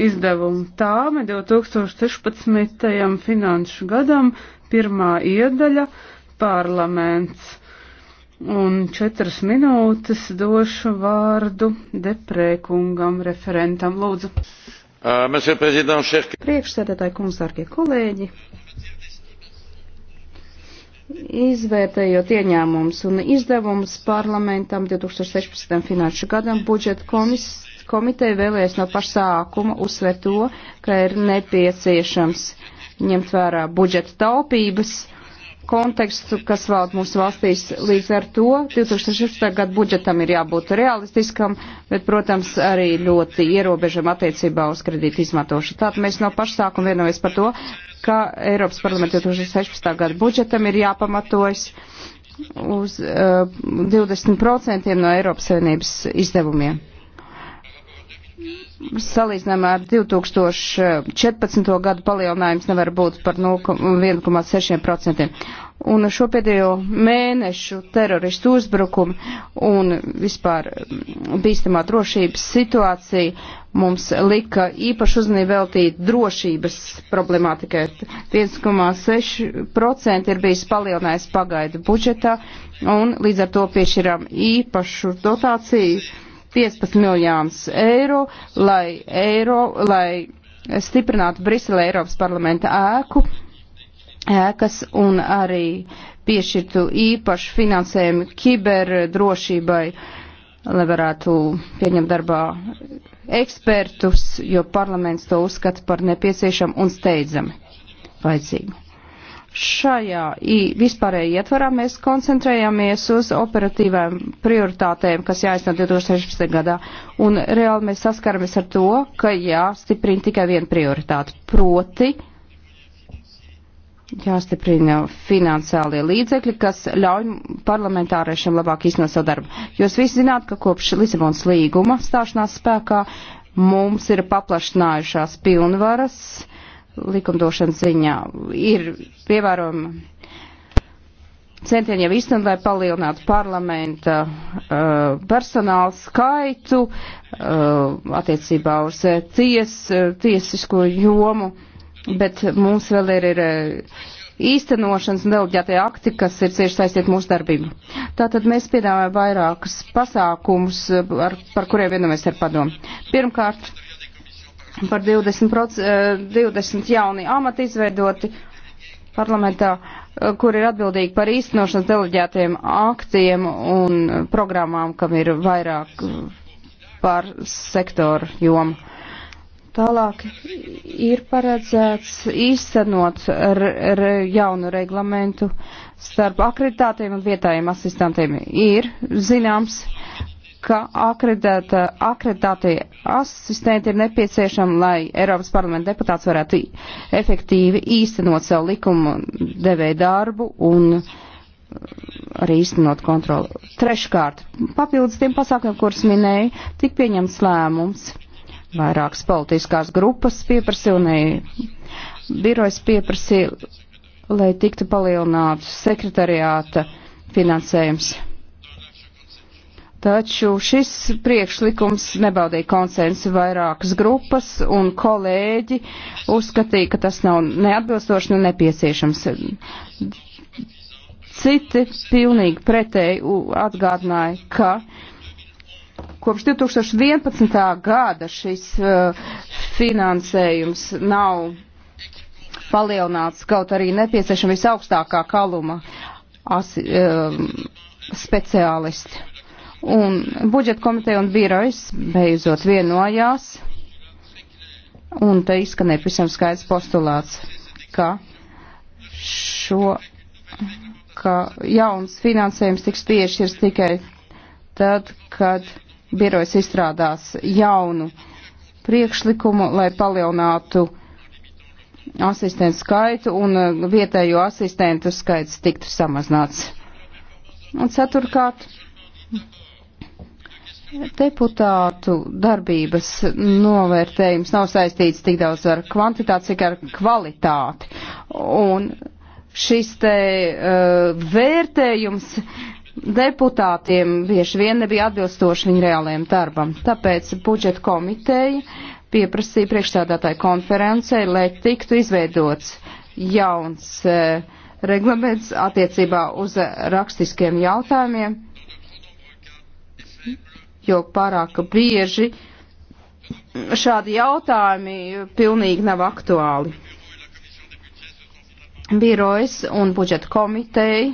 izdevumu tāme 2016. finanšu gadam pirmā iedaļa parlaments. Un četras minūtes došu vārdu deprēkungam, referentam. Lūdzu. Uh, Priekšsēdētāji kungs, dārgie kolēģi, izvērtējot ieņēmumus un izdevumus parlamentam 2016. finanšu gadam budžeta komisija komiteja vēlēs no pašsākuma uzsvērt to, ka ir nepieciešams ņemt vērā budžeta taupības kontekstu, kas valda mūsu valstīs. Līdz ar to 2016. gadu budžetam ir jābūt realistiskam, bet, protams, arī ļoti ierobežam attiecībā uz kredītu izmantošanu. Tātad mēs no pašsākuma vienojamies par to, ka Eiropas parlamenta 2016. gadu budžetam ir jāpamatojas uz uh, 20% no Eiropas Savienības izdevumiem salīdzinām ar 2014. gadu palielinājums nevar būt par 1,6%. Un šo pēdējo mēnešu teroristu uzbrukumu un vispār mm, bīstamā drošības situācija mums lika īpašu uzmanību veltīt drošības problemātikai. 1,6% ir bijis palielinājis pagaidu budžetā un līdz ar to piešķiram īpašu dotāciju 15 miljonus eiro, lai, eiro, lai stiprinātu Brisele Eiropas parlamenta ēku, ēkas un arī piešķirtu īpašu finansējumu kiberdrošībai, lai varētu pieņemt darbā ekspertus, jo parlaments to uzskata par nepieciešamu un steidzami vajadzīgu. Šajā vispārējā ietvarā mēs koncentrējamies uz operatīvām prioritātēm, kas jāizsna 2016. gadā, un reāli mēs saskaramies ar to, ka jāstiprina tikai viena prioritāte, proti jāstiprina finansiālie līdzekļi, kas ļauj parlamentāriešiem labāk iznot savu darbu. Jūs visi zināt, ka kopš Lisabonas līguma stāšanās spēkā mums ir paplašinājušās pilnvaras uh, likumdošanas ziņā. Ir pievērojama centieni jau īstenībā, lai palielinātu parlamenta uh, personālu skaitu uh, attiecībā uz uh, ties, uh, tiesisko jomu, bet mums vēl ir, ir uh, īstenošanas un deleģētie akti, kas ir cieši saistīti mūsu darbību. Tātad mēs piedāvājam vairākus pasākumus, ar, par kuriem vienojamies ar padomu. Pirmkārt, par 20%, 20 eh, jauni amati izveidoti parlamentā, eh, kur ir atbildīgi par īstenošanas deleģētiem aktiem un programmām, kam ir vairāk eh, par sektoru jomu. Tālāk ir paredzēts īstenot jaunu reglamentu starp akreditātiem un vietējiem asistentiem. Ir zināms, uh, ka akreditētie asistenti ir nepieciešami, lai Eiropas parlamenta deputāts varētu efektīvi īstenot savu likumu devēju darbu un arī īstenot kontroli. Treškārt, papildus tiem pasākumiem, kurus minēju, tik pieņemts lēmums. Vairākas politiskās grupas pieprasīja un birojas pieprasīja, lai tiktu palielināts sekretariāta finansējums Taču šis priekšlikums nebaudīja konsensu vairākas grupas, un kolēģi uzskatīja, ka tas nav neatbilstoši un nu nepieciešams. Citi pilnīgi pretēji atgādināja, ka kopš 2011. gada šis uh, finansējums nav palielināts, kaut arī nepieciešama visaugstākā kaluma asi, um, speciālisti Un budžeta komiteja un birojas beidzot vienojās, un te izskanēja pavisam skaidrs postulāts, ka šo, ka jauns finansējums tiks piešķirs tikai tad, kad birojas izstrādās jaunu priekšlikumu, lai palielinātu asistentu skaitu un uh, vietējo asistentu skaits tiktu samazināts. Un ceturkārt, Deputātu darbības novērtējums nav saistīts tik daudz ar kvantitāti, cik ar kvalitāti. Un šis te uh, vērtējums deputātiem bieži vien nebija atbilstoši viņu reālajiem darbam. Tāpēc budžeta komiteja pieprasīja priekšstādātāju konferencei, lai tiktu izveidots jauns uh, reglaments attiecībā uz rakstiskiem jautājumiem jo pārāk bieži šādi jautājumi pilnīgi nav aktuāli. Birojas un budžeta komiteja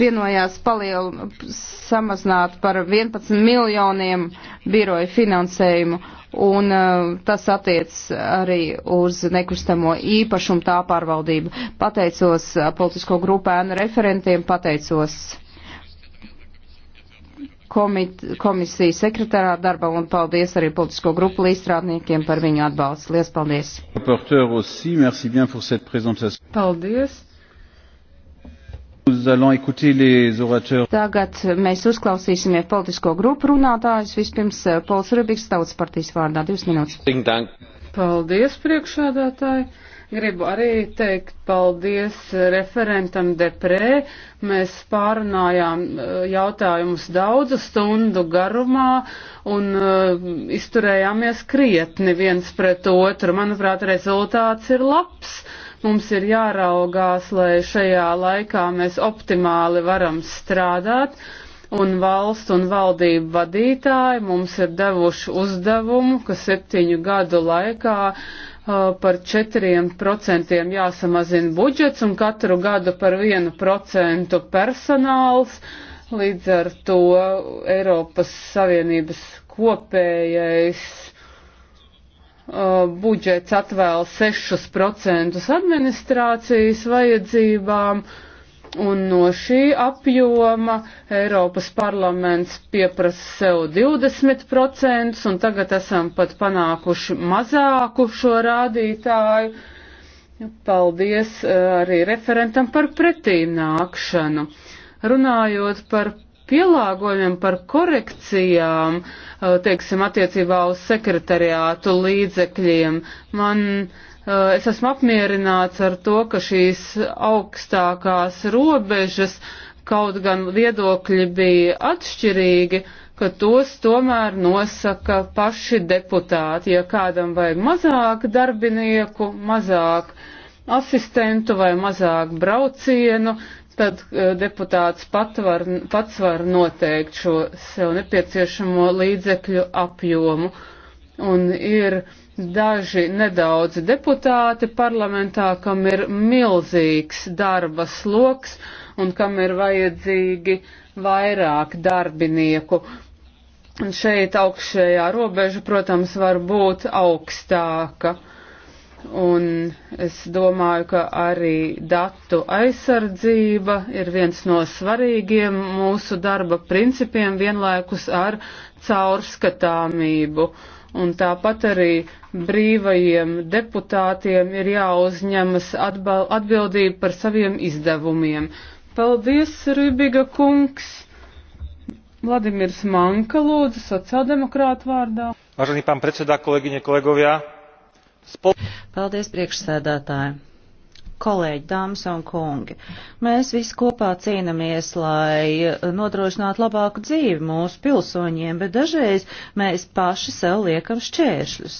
vienojās palielu samazināt par 11 miljoniem biroju finansējumu, un uh, tas attiec arī uz nekustamo īpašumu tā pārvaldību. Pateicos uh, politisko grupēnu referentiem, pateicos komit, komisijas sekretārā darbā un paldies arī politisko grupu līdzstrādniekiem par viņu atbalstu. Lies paldies! Paldies! Tagad mēs uzklausīsimies politisko grupu runātājus. Vispirms eh, Pols Rubiks, Tautas partijas vārdā, divas minūtes. Paldies, priekšādātāji! Gribu arī teikt paldies referentam Deprē. Mēs pārunājām eh, jautājumus daudzu stundu garumā un uh, izturējāmies krietni viens pret otru. Manuprāt, rezultāts ir labs. Mums ir jāraugās, lai šajā laikā mēs optimāli varam strādāt un valsts un valdību vadītāji mums ir devuši uzdevumu, ka septiņu gadu laikā par 4% jāsamazina budžets un katru gadu par 1% personāls. Līdz ar to Eiropas Savienības kopējais uh, budžets atvēl 6% administrācijas vajadzībām. Uh, Un no šī apjoma Eiropas parlaments pieprasa sev 20%, un tagad esam pat panākuši mazāku šo rādītāju. Paldies eh, arī referentam par pretīm nākšanu. Runājot par pielāgojumiem, par korekcijām, eh, teiksim, attiecībā uz sekretariātu līdzekļiem, man uh, Eh, es esmu apmierināts ar to, ka šīs augstākās robežas, kaut gan viedokļi bija atšķirīgi, ka tos tomēr nosaka paši deputāti. Ja kādam vajag mazāk darbinieku, mazāk asistentu vai mazāk braucienu, tad eh, deputāts pat var, pats var noteikt šo sev nepieciešamo līdzekļu apjomu un ir daži nedaudz deputāti parlamentā, kam ir milzīgs darba sloks un kam ir vajadzīgi vairāk darbinieku. Un šeit augšējā robeža, protams, var būt augstāka. Un es domāju, ka arī datu aizsardzība ir viens no svarīgiem mūsu darba principiem vienlaikus ar caurskatāmību. Uh, un tāpat arī brīvajiem deputātiem ir jāuzņemas atbildība par saviem izdevumiem. Paldies, Rubiga kungs! Vladimirs Manka lūdzu sociāldemokrātu vārdā. Važanī pām predsedā, kolēģiņa, kolēgovjā. Spol... Paldies, priekšsēdētāji! kolēģi, dāmas un kungi, mēs visi kopā cīnāmies, lai nodrošinātu labāku dzīvi mūsu pilsoņiem, bet dažreiz mēs paši sev liekam šķēršļus.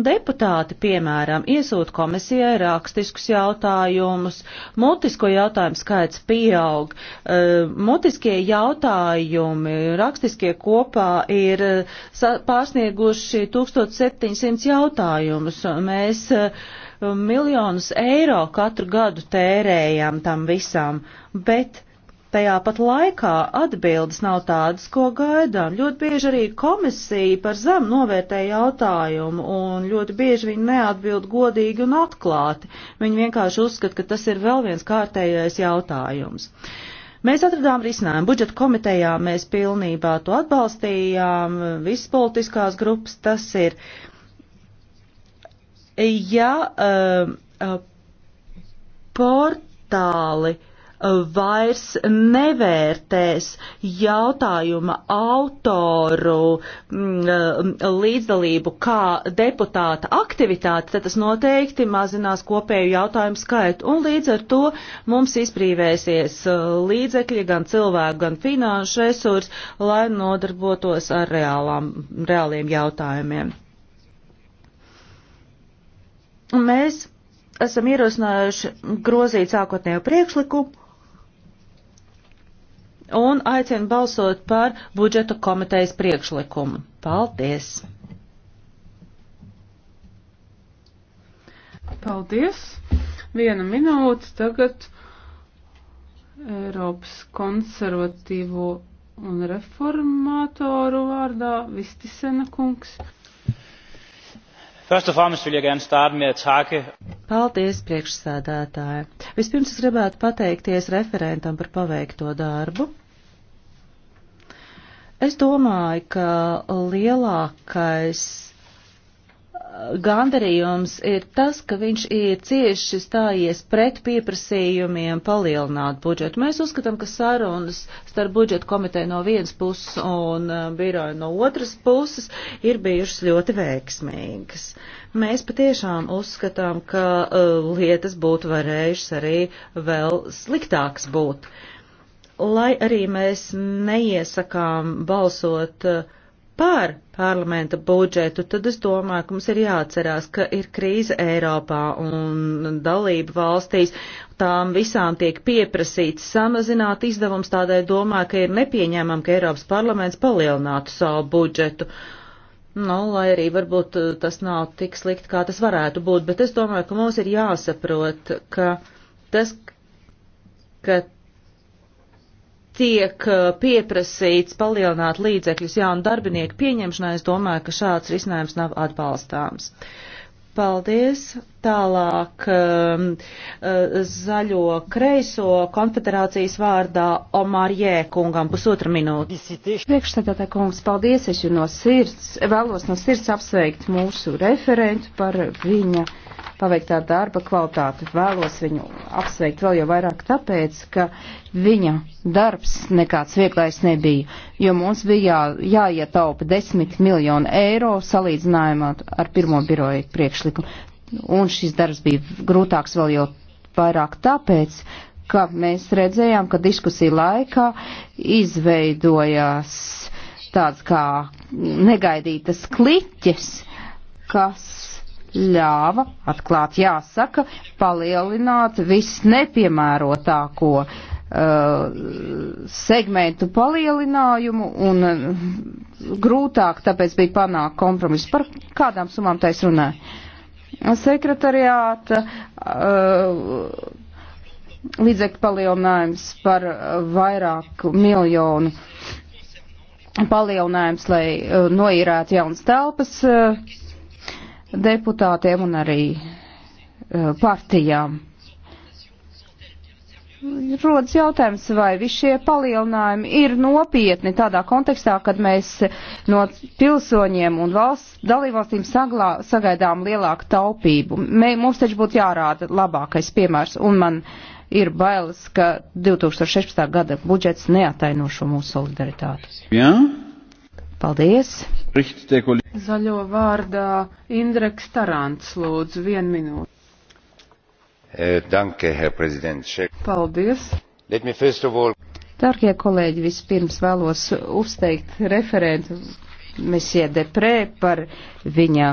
Deputāti, piemēram, iesūta komisijai rakstiskus jautājumus, mutisko jautājumu skaits pieaug, e, mutiskie jautājumi, rakstiskie kopā ir e, pārsnieguši 1700 jautājumus. Mēs uh, miljonus eiro katru gadu tērējam tam visam, bet tajā pat laikā atbildes nav tādas, ko gaidām. Ļoti bieži arī komisija par zem novērtē jautājumu un ļoti bieži viņi neatbild godīgi un atklāti. Viņi vienkārši uzskata, ka tas ir vēl viens kārtējais jautājums. Mēs atradām risinājumu. Budžeta komitejā mēs pilnībā to atbalstījām, visas politiskās grupas tas ir. Uh, ja ehm, eh, portāli eh, vairs nevērtēs jautājuma autoru mm, eh, līdzdalību kā deputāta aktivitāti, tad tas noteikti mazinās kopēju jautājumu skaitu. Un līdz ar to mums izbrīvēsies līdzekļi, gan cilvēku, gan finanšu resursi, lai nodarbotos ar reālām, reāliem jautājumiem mēs esam ierosinājuši grozīt sākotnējo priekšlikumu un aicinu balsot par budžeta komitejas priekšlikumu. Paldies! Paldies! Viena minūte tagad Eiropas konservatīvo un reformātoru vārdā Vistisena kungs. Paldies, priekšsēdētāji. Vispirms es gribētu pateikties referentam par paveikto darbu. Es domāju, ka lielākais gandarījums ir tas, ka viņš ir cieši stājies pret pieprasījumiem palielināt budžetu. Mēs uzskatām, ka sarunas starp budžetu komiteju no vienas puses un uh, biroju no otras puses ir bijušas ļoti veiksmīgas. Mēs patiešām uzskatām, ka uh, lietas būtu varējušas arī vēl sliktāks būt. Lai arī mēs neiesakām balsot uh, par parlamenta budžetu, tad es domāju, ka mums ir jāatcerās, ka ir krīze Eiropā un dalība valstīs. Tām visām tiek pieprasīts samazināt izdevums, tādēļ domāju, ka ir nepieņēmam, ka Eiropas parlaments palielinātu savu budžetu. Nu, lai arī varbūt uh, tas nav tik slikti, kā tas varētu būt, bet es domāju, ka mums ir jāsaprot, ka tas, ka tiek eh, pieprasīts palielināt līdzekļus jaunu darbinieku pieņemšanai, es domāju, ka šāds risinājums nav atbalstāms. Paldies! Tālāk um, uh, zaļo kreiso konfederācijas vārdā Omar Jēkungam pusotra minūte. Priekšstādātā kungs, paldies, es jau no sirds, vēlos no sirds apsveikt mūsu referentu par viņa paveiktā darba kvalitāti. Vēlos viņu apsveikt vēl jau vairāk tāpēc, ka viņa darbs nekāds vieglais nebija, jo mums bija jā, jāietaupa 10 miljonu eiro salīdzinājumā ar pirmo biroju priekšlikumu un šis darbs bija grūtāks vēl jau vairāk tāpēc, ka mēs redzējām, ka diskusija laikā izveidojās tāds kā negaidītas kliķes, kas ļāva, atklāt jāsaka, palielināt visnepiemērotāko uh, segmentu palielinājumu un uh, grūtāk tāpēc bija panākt kompromisu. Par kādām sumām taisa runāja? sekretariāta uh, līdzekļu palielinājums par vairāku miljonu palielinājums, lai uh, noīrētu jaunas telpas uh, deputātiem un arī partijām. Rodas jautājums, vai visi šie palielinājumi ir nopietni tādā kontekstā, kad mēs no pilsoņiem un valsts dalībvalstīm saglā, sagaidām lielāku taupību. Mē, mums taču būtu jārāda labākais piemērs, un man ir bailes, ka 2016. gada budžets neataino šo mūsu solidaritāti. Jā? Paldies! Zaļo vārdā Indreks Tarants lūdzu vienu minūti. Eh, danke, Herr President. Paldies. Let me first of all. Dargie kolēģi, vispirms vēlos uzteikt referentu Mesie Deprē par viņa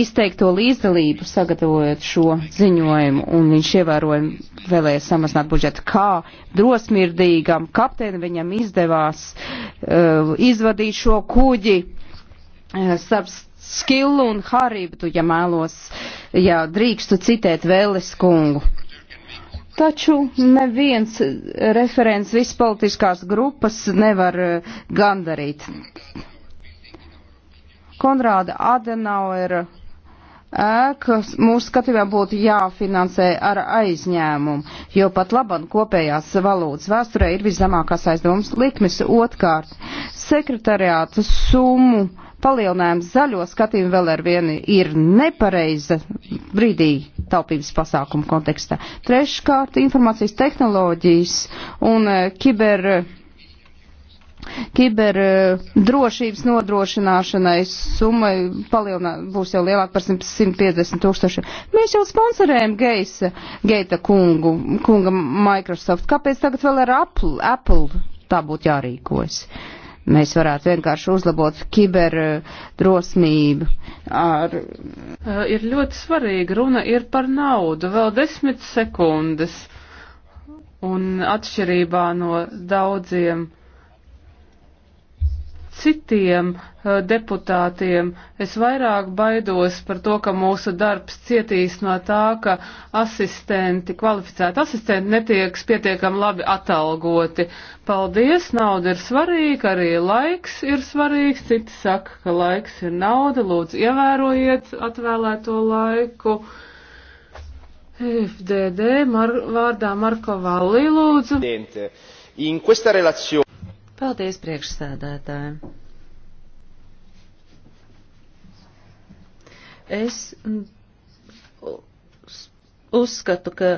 izteikto līdzdalību sagatavojot šo ziņojumu, un viņš ievērojami vēlēja samazināt budžetu. Kā drosmirdīgam kapteinim viņam izdevās uh, izvadīt šo kuģi uh, eh, starp Skillu un Haribdu, ja mēlos, ja drīkstu citēt Vēles kungu. Taču neviens referents vispolitiskās grupas nevar eh, gandarīt. Konrāda Adenauera ēka mūsu skatījumā būtu jāfinansē ar aizņēmumu, jo pat laban kopējās valūtas vēsturē ir viszemākās aizdomas likmes. Otkārt, sekretariāta summu palielinājums zaļo skatījumu vēl ar vienu ir nepareiza brīdī taupības pasākumu kontekstā. Treškārt, informācijas tehnoloģijas un eh, kiber. Kiberdrošības eh, nodrošināšanai summa palielinā, būs jau lielāka par 150 tūkstošiem. Mēs jau sponsorējam Geisa, Geita kungu, kunga Microsoft. Kāpēc tagad vēl ar Apple, Apple tā būtu jārīkojas? Uh, mēs varētu vienkārši uzlabot kiberdrosmību. Eh, Ar... Eh, ir ļoti svarīgi, runa ir par naudu, vēl desmit sekundes. Un atšķirībā no daudziem citiem uh, deputātiem. Es vairāk baidos par to, ka mūsu darbs cietīs no tā, ka asistenti, kvalificēti asistenti netiek pietiekami labi atalgoti. Paldies, nauda ir svarīga, arī laiks ir svarīgs. Citi saka, ka laiks ir nauda, lūdzu ievērojiet atvēlēto laiku. FDD mar vārdā Marko Valli, lūdzu. Diente. In questa relazione Paldies priekšsēdētājiem. Es uzskatu, ka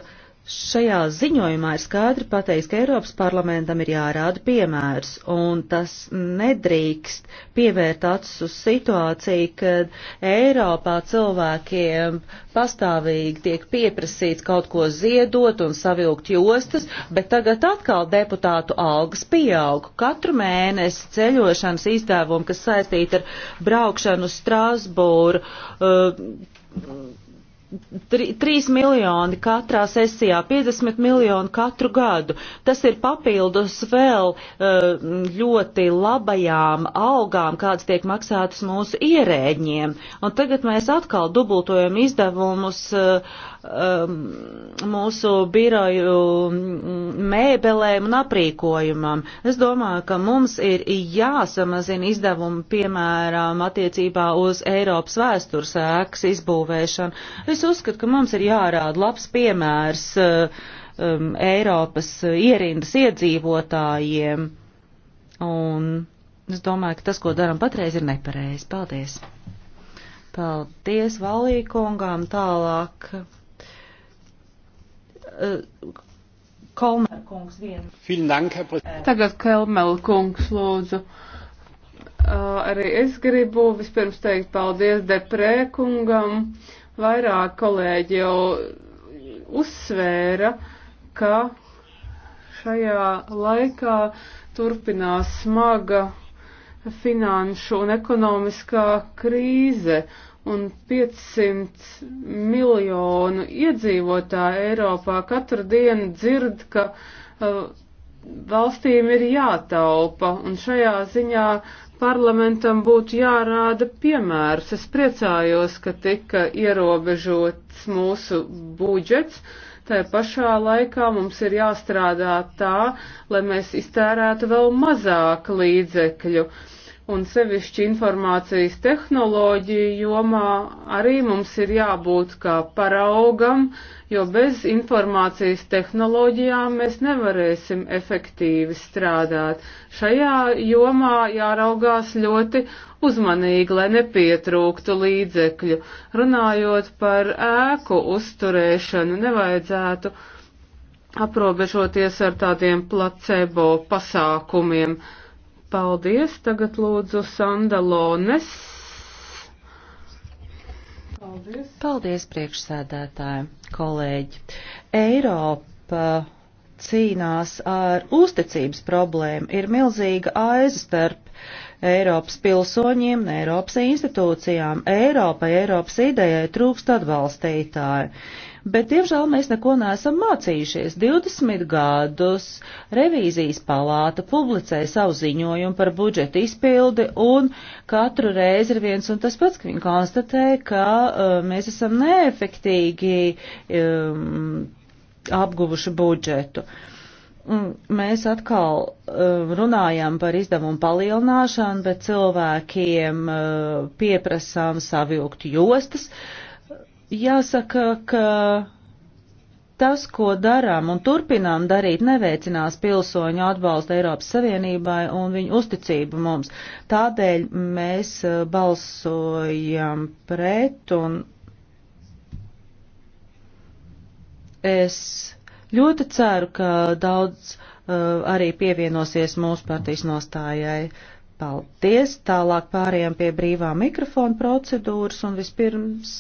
Šajā ziņojumā ir skaidri pateikts, ka Eiropas parlamentam ir jārāda piemērs, un tas nedrīkst pievērt acis uz situāciju, kad Eiropā cilvēkiem pastāvīgi tiek pieprasīts kaut ko ziedot un savilkt jostas, bet tagad atkal deputātu algas pieaug. Katru mēnesi ceļošanas izdevumi, kas saistīti ar braukšanu uz Strasbūru, uh, Tri, 3 miljoni katrā sesijā, 50 miljoni katru gadu. Tas ir papildus vēl eh, ļoti labajām algām, kādas tiek maksātas mūsu ierēģiem. Un tagad mēs atkal dubultojam izdevumus uh, um, mūsu biroju mm, mēbelēm un aprīkojumam. Es domāju, ka mums ir jāsamazina izdevumi, piemēram, attiecībā uz Eiropas vēstures ēkas izbūvēšanu. Es uzskatu, ka mums ir jārāda labs piemērs uh, um, Eiropas ierindas iedzīvotājiem. Un es domāju, ka tas, ko daram patreiz, ir nepareizi. Paldies! Paldies valīkungām tālāk. Kolmer kungs vienu. Tagad Kolmer kungs lūdzu. Arī es gribu vispirms teikt paldies Deprē kungam. Vairāk kolēģi jau uzsvēra, ka šajā laikā turpinās smaga finanšu un ekonomiskā krīze, un 500 miljonu iedzīvotāju Eiropā katru dienu dzird, ka uh, valstīm ir jātaupa, un šajā ziņā parlamentam būtu jārāda piemērs. Es priecājos, ka tika ierobežots mūsu budžets. Tā pašā laikā mums ir jāstrādā tā, lai mēs iztērētu vēl mazāk līdzekļu. Uh, un sevišķi informācijas tehnoloģiju jomā arī mums ir jābūt kā paraugam, jo bez informācijas tehnoloģijām mēs nevarēsim efektīvi strādāt. Šajā jomā jāraugās ļoti uzmanīgi, lai nepietrūktu līdzekļu. Runājot par ēku uzturēšanu, nevajadzētu aprobežoties ar tādiem placebo pasākumiem. Uh, Paldies. Tagad lūdzu Sandalones. Paldies. Paldies priekšsēdētāji, kolēģi. Eiropa cīnās ar uzticības problēmu, ir milzīga aiza starp Eiropas pilsoņiem un Eiropas institūcijām. Eiropai, Eiropas idejai trūkst atbalstītāju. Bet, diemžēl, mēs neko neesam mācījušies. 20 gadus revīzijas palāta publicē savu ziņojumu par budžeta izpildi, un katru reizi ir viens un tas pats, ka viņi konstatē, ka uh, mēs esam neefektīgi um, apguvuši budžetu. Uh, Mēs atkal uh, runājam par izdevumu palielināšanu, bet cilvēkiem uh, pieprasām savilkt jostas. Jāsaka, ka tas, ko darām un turpinām darīt, neveicinās pilsoņu atbalstu Eiropas Savienībai un viņu uzticību mums. Tādēļ mēs uh, balsojam pret un es Ļoti ceru, ka daudz uh, arī pievienosies mūsu partijas nostājai. Paldies! Tālāk pārējām pie brīvā mikrofona procedūras un vispirms.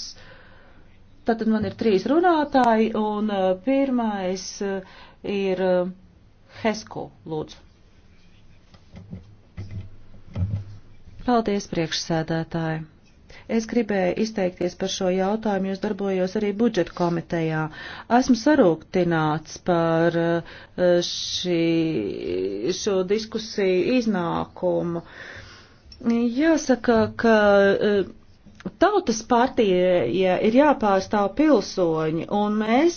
Tātad man ir trīs runātāji un uh, pirmais uh, ir uh, Hesku, lūdzu. Paldies, priekšsēdētāji! Es gribēju izteikties par šo jautājumu, jo es darbojos arī budžeta komitejā. Esmu sarūktināts par eh, šī, šo diskusiju iznākumu. Jāsaka, ka. Eh, tautas partija ir jāpārstāv pilsoņi, un mēs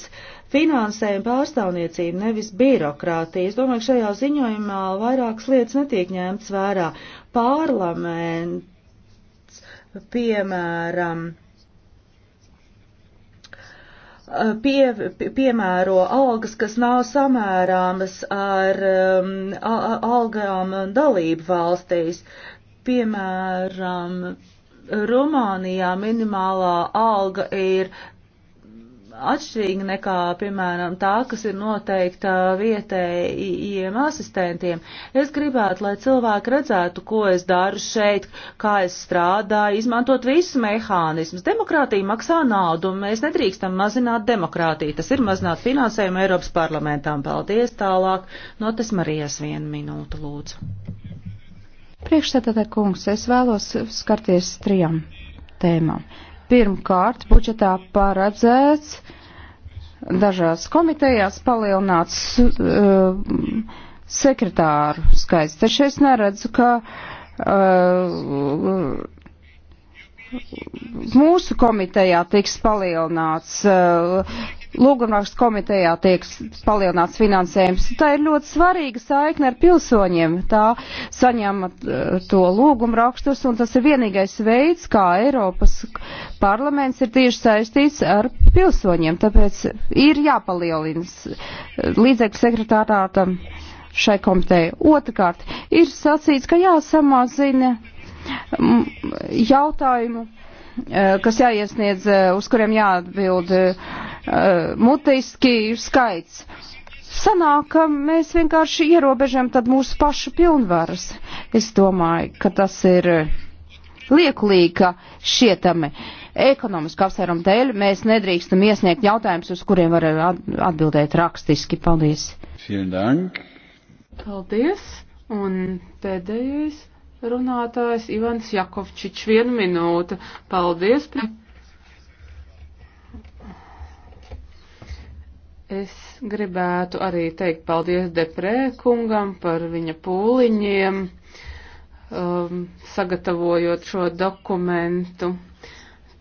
finansējam pārstāvniecību, nevis birokrātiju. Es domāju, ka šajā ziņojumā vairākas lietas netiek ņemtas vērā. Parlament piemēram, eh, pie, piemēro algas, kas nav samērāmas ar um, algām dalību valstīs. Piemēram, Rumānijā minimālā alga ir atšķirīga nekā, piemēram, tā, kas ir noteikta vietējiem asistentiem. Es gribētu, lai cilvēki redzētu, ko es daru šeit, kā es strādāju, izmantot visus mehānismus. Demokrātija maksā naudu, un mēs nedrīkstam mazināt demokrātiju. Tas ir mazināt finansējumu Eiropas parlamentām. Paldies tālāk. Notes Marijas vienu minūtu, lūdzu. Priekšsēdētāj kungs, es vēlos skarties trijām tēmām. Pirmkārt, budžetā paredzēts dažās komitejās palielināts uh, eh, sekretāru skaits. Taču es neredzu, ka uh, mūsu komitejā tiks palielināts uh, Lūgumrakstu komitejā tiek palielināts finansējums. Tā ir ļoti svarīga saikne ar pilsoņiem. Tā saņem eh, to lūgumrakstus, un tas ir vienīgais veids, kā Eiropas parlaments ir tieši saistīts ar pilsoņiem. Tāpēc ir jāpalielina līdzekļu sekretārātam šai komitejai. Otrakārt, ir sacīts, ka jāsamazina jautājumu eh, kas jāiesniedz, eh, uz kuriem jāatbild Eh, mutiski skaits. Sanāk, ka mēs vienkārši ierobežam tad mūsu pašu pilnvaras. Es domāju, ka tas ir liekulīga šietami. Ekonomiski apsvērumu dēļ mēs nedrīkstam iesniegt jautājumus, uz kuriem var atbildēt rakstiski. Paldies! Paldies! Un pēdējais runātājs Ivans Jakovčič, vienu minūtu. Paldies! Pret... Es gribētu arī teikt paldies Deprē kungam par viņa pūliņiem, um, sagatavojot šo dokumentu.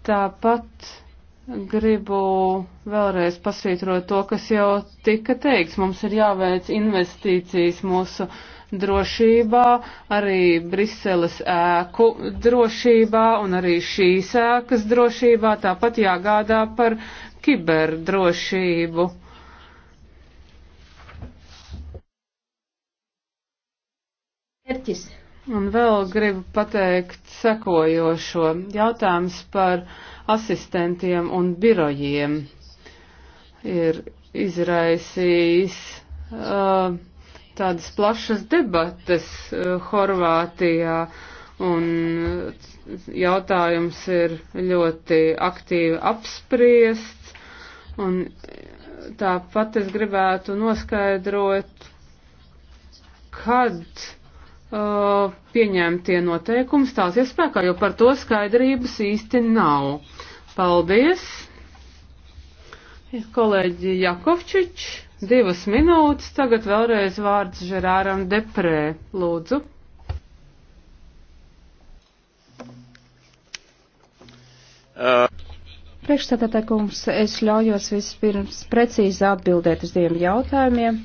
Tāpat gribu vēlreiz pasvītrot to, kas jau tika teikts. Mums ir jāveic investīcijas mūsu drošībā, arī Briseles ēku drošībā un arī šīs ēkas drošībā. Tāpat jāgādā par kiberdrošību Erķis. Un vēl gribu pateikt sekojošo jautājums par asistentiem un birojiem. Ir izraisījis uh, tādas plašas debates uh, Horvātijā, un jautājums ir ļoti aktīvi apspriests, un tāpat es gribētu noskaidrot, kad uh, pieņemtie noteikumi stāsies spēkā, jo par to skaidrības īsti nav. Paldies! Kolēģi Jakovčič, divas minūtes, tagad vēlreiz vārds Žerāram Deprē, lūdzu. Uh. Priekšstādātā kungs, es ļaujos vispirms precīzi atbildēt uz diviem jautājumiem.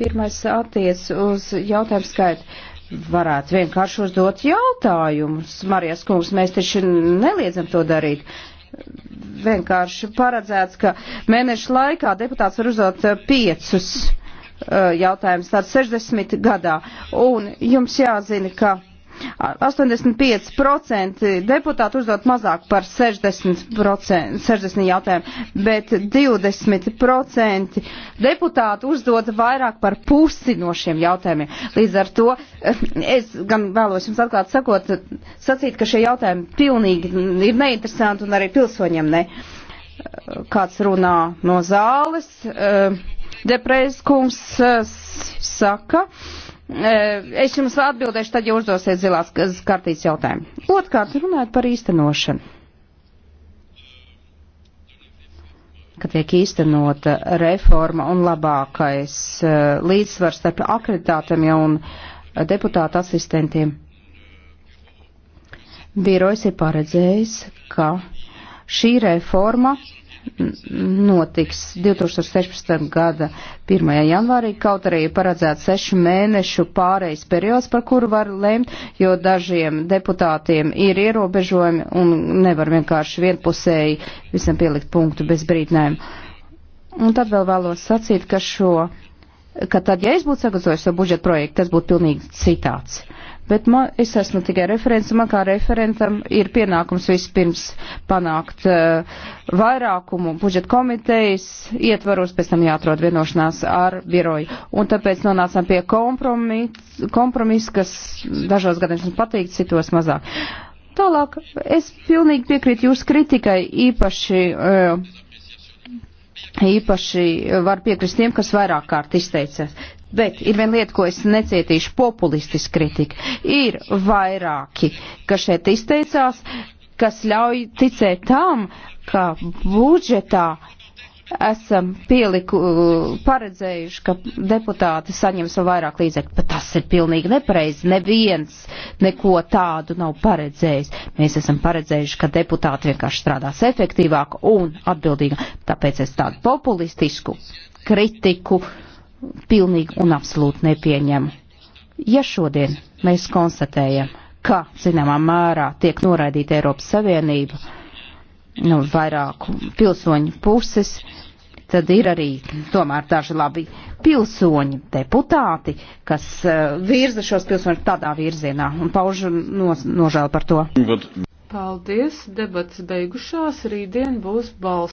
Pirmais attiec uz jautājumu skaitu varētu vienkārši uzdot jautājumus. Marijas kungs, mēs taču neliedzam to darīt. Vienkārši paredzēts, ka mēnešu laikā deputāts var uzdot eh, piecus eh, jautājumus, tāds 60 gadā. Un jums jāzina, ka 85% deputāti uzdot mazāk par 60%, 60 jautājumu, bet 20% deputāti uzdot vairāk par pusi no šiem jautājumiem. Līdz ar to es gan vēlos jums atklāt sakot, sacīt, ka šie jautājumi pilnīgi ir neinteresanti un arī pilsoņiem ne. Kāds runā no zāles, depreskungs saka, E, es jums atbildēšu, tad, ja uzdosiet zilās kartītes jautājumu. Otkārt, runājot par īstenošanu. ka tiek īstenota reforma un labākais e, līdzsvars starp akreditātamiem un deputāta asistentiem. Birojs ir paredzējis, ka šī reforma notiks 2016. gada 1. janvārī, kaut arī paredzēts sešu mēnešu pārejas periods, par kuru var lemt, jo dažiem deputātiem ir ierobežojumi un nevar vienkārši vienpusēji visam pielikt punktu bez brīdinājumu. Un tad vēl vēlos sacīt, ka šo, ka tad, ja es būtu sagatavojis šo budžeta projektu, tas būtu pilnīgi citāds. Uh, bet man, es esmu tikai referents, man kā referentam ir pienākums vispirms panākt uh, vairākumu budžeta komitejas ietvaros, pēc tam jāatrod vienošanās ar biroju. Un tāpēc nonācām pie kompromisa, kompromis, kas dažos gadījumos man patīk, citos mazāk. Tālāk, es pilnīgi piekrītu jūsu kritikai, īpaši. Uh, īpaši var piekrist tiem, kas vairāk kārt izteicās. Bet ir viena lieta, ko es necietīšu populistisku kritiku. Ir vairāki, kas šeit izteicās, kas ļauj ticēt tam, ka budžetā esam pieliku, paredzējuši, ka deputāti saņems vēl vairāk līdzekļu, bet tas ir pilnīgi nepareizi. Neviens neko tādu nav paredzējis. Mēs esam paredzējuši, ka deputāti vienkārši strādās efektīvāk un atbildīgāk. Tāpēc es tādu populistisku kritiku uh, pilnīgi un absolūti nepieņem. Ja šodien mēs konstatējam, ka, zināmā mērā, tiek noraidīta Eiropas Savienība no nu, vairāku pilsoņu puses, tad ir arī tomēr daži labi pilsoņi, deputāti, kas uh, virza šos pilsoņus tādā virzienā un pauž no, nožēlu par to. Paldies, debats beigušās, rītdien būs balsts.